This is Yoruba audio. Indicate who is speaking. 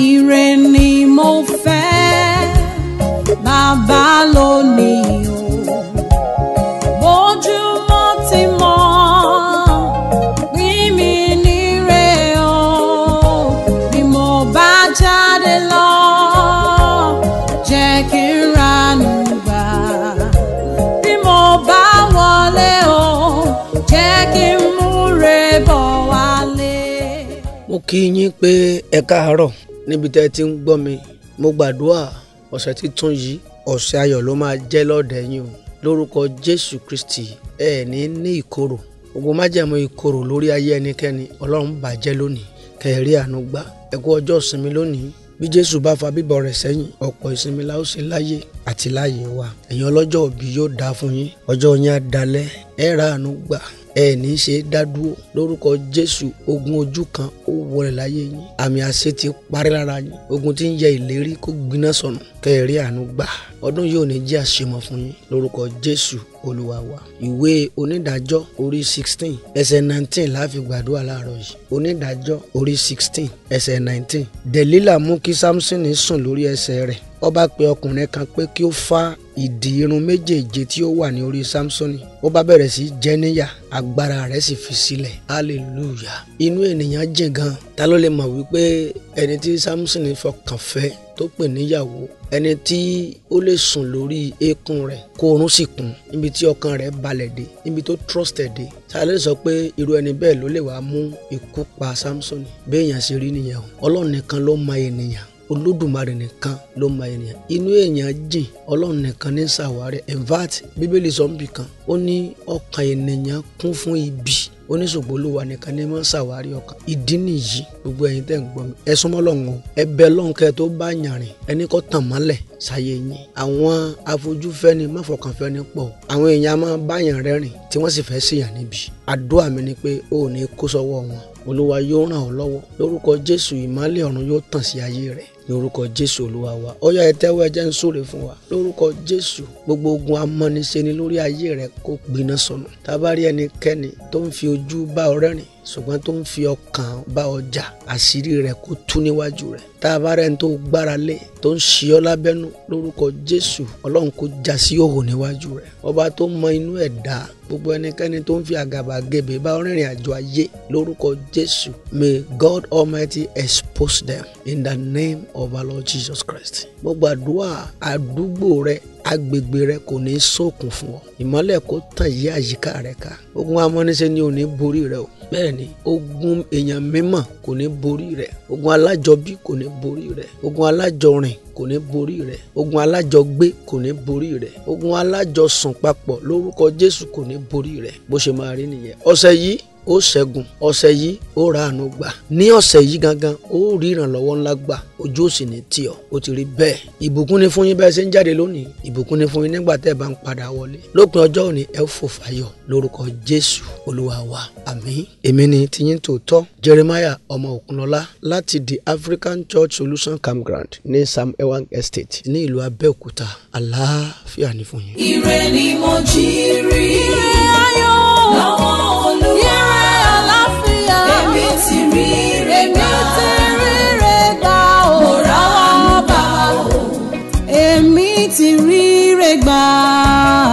Speaker 1: Ire ni mo fẹ́ bàbá lónìí o. Bójúmọ́ ti mọ́ pín mi níre o. Bí mo bá jáde lọ, jẹ́ kí n ranú gbà. Bí mo bá wọlé o, jẹ́ kí n múre bọ̀ wálé. mo kí
Speaker 2: yín pé ẹ káàárọ̀ níbi tẹ́ ti ń gbọ́ mi mo gbàdúrà ọ̀sẹ̀ títún yìí ọ̀sẹ̀ ayọ̀ ló máa jẹ́ lọ́dẹ̀ yín o lórúkọ jésù kristi ẹ ní ní ìkorò ogun májẹ̀mú ìkorò lórí ayé ẹnikẹ́ni ọlọ́run bàjẹ́ lónìí kẹrí àánú gbà ẹ ọjọ́ ìsinmi lónìí bí jésù bá fa bíbọ̀ rẹ̀ sẹ́yìn ọ̀pọ̀ ìsinmi la ó ṣe láyé àti láyé wa ẹ̀yin ọlọ́jọ́ òbí yóò dáa fún yín ọjọ́ yín á dalẹ̀ ẹ ra àánú gbà ẹ ní í ṣe dá dúró lórúkọ jésù ogun ojú kan ó wọlé láyé yín àmì àṣẹ ti parí lára yín ogun tí ń yẹ ìlérí kó gbiná sọnù kẹ́ ẹ gbà ọdún yóò ní jẹ́ àṣemọ fún yín lórúkọ jésù olúwa wa ìwé onídàájọ́ orí sixteen ẹsẹ̀ nineteen la fi gbàdúrà láàárọ̀ yìí onídàájọ́ orí sixteen ẹsẹ̀ nineteen Dèlílà mú kí Sámsónì sùn lórí ẹsẹ̀ rẹ̀ ó bá pe ọkùnrin kan pé kí ó fá ìdì irun méjèèje tí ó wà ní orí samsoni ó bá bẹ̀rẹ̀ sí jẹ níyà agbára rẹ̀ sì fi sílẹ̀ hallelujah inú ènìyàn jìn gan ta ló lè mọ̀ wípé ẹni tí samson fọkàn fẹ́ tó pè níyàwó ẹni tí ó lè sùn lórí eékún rẹ̀ kó oorun sì kún níbi tí ọkàn rẹ̀ balẹ̀ dé níbi tó trusted dé sáré sọ pé irú ẹni bẹ́ẹ̀ ló lè wàá mú ikú pa samson béèyàn ṣe rí nìyẹn o ọlọ́run nìkan ló mọ ènìyàn olódùmarè nìkan ló mọ ènìyàn inú èèyàn jìn ọlọ́run nìkan ní ṣàwárí invat bíbélì sọ́nbì kan ó ní ọkàn ènìyàn kún fún ibi oníṣògbò olúwa nìkan ní máa ń ṣàwárí ọkàn ìdí nìyí gbogbo ẹ̀yin tẹ́ ń gbọ́ mi ẹ súnmọ́ Ọlọ́run o ẹ bẹ Ọlọ́run kẹ́ tó bá yànrìn ẹni kọ́ tàn mọ́lẹ̀ ṣàyè yín àwọn afojúfẹ́ni máfọkànfẹ́ni pọ̀ àwọn èèyàn máa bá rẹ́rìn tí wọ́n sì fẹ́ ṣèyàn níbi àdúrà mi ni pé ó ní kó sọ́wọ́ wọn olúwa yóò ràn ọ́ lọ́wọ́ lórúkọ Jésù ìmọ́lẹ̀ ọ̀run yóò tàn sí ayé rẹ̀ lórúkọ jésù olúwa wa ọyá ẹ tẹ́wọ́ ẹ jẹ́ ń súre fún wa lórúkọ jésù gbogbo ogun amọ́niṣeni lórí ayé rẹ kó gbiná sọnù tábàárí ẹnikẹ́ni tó ń fi ojú bá ọ̀rẹ́ rìn ṣùgbọ́n tó ń fi ọkàn bá ọjà àṣírí rẹ̀ kó tú níwájú rẹ̀ tá a bá rẹ̀ ń tó gbára lé tó ń ṣí ọ lábẹ́nú lórúkọ Jésù Ọlọ́run kó já sí òhò níwájú rẹ̀ ọba tó mọ inú ẹ̀dá gbogbo ẹnikẹ́ni tó ń fi àgàbàgebè bá rìnrìn àjò ayé lórúkọ Jésù may God Almighty expose them in the name of our Lord Jesus Christ mo gbàdúrà àdúgbò rẹ agbègbè rẹ kò ní ṣókun fún ọ ìmọ́lẹ̀ kò tàn yí àyíká rẹ ká ogun amọ́nisẹ́ ni ò ní borí rẹ o bẹ́ẹ̀ ni ogun èèyàn mímọ́ kò ní borí rẹ ogun alájọbí kò ní borí rẹ ogun alájọrìn kò ní borí rẹ ogun alájọgbé kò ní borí rẹ ogun alájọsùn papọ̀ lórúkọ Jésù kò ní borí rẹ bó ṣe máa rí nìyẹn ọ̀sẹ̀ yìí ó ṣẹ́gun ọ̀sẹ̀ yìí ó ra àánú gbà ní ọ̀sẹ̀ yìí gangan ó rí ìrànlọ́wọ́ ńlá gbà ojú òsì ní tì ọ́ ó ti rí bẹ́ẹ̀ ìbùkún ni fún yín bẹ́ẹ̀ ṣe ń jáde lónìí ìbùkún ni fún yín nígbà tẹ́ ẹ bá ń padà wọlé lópin ọjọ́ òní ẹ fò fàyọ̀ lórúkọ Jésù Olúwa wa àmín èmi ni tiyín tòótọ́ Jeremiah ọmọ Òkunlọ́lá láti the African Church Solution Campground ní Sam Ewang Estate ní ìlú Abẹ́òkúta
Speaker 1: àlàáfíà ni fún yín. ire ni mo jí rí ayọ̀ lọ́wọ́. èmi ti ríre my.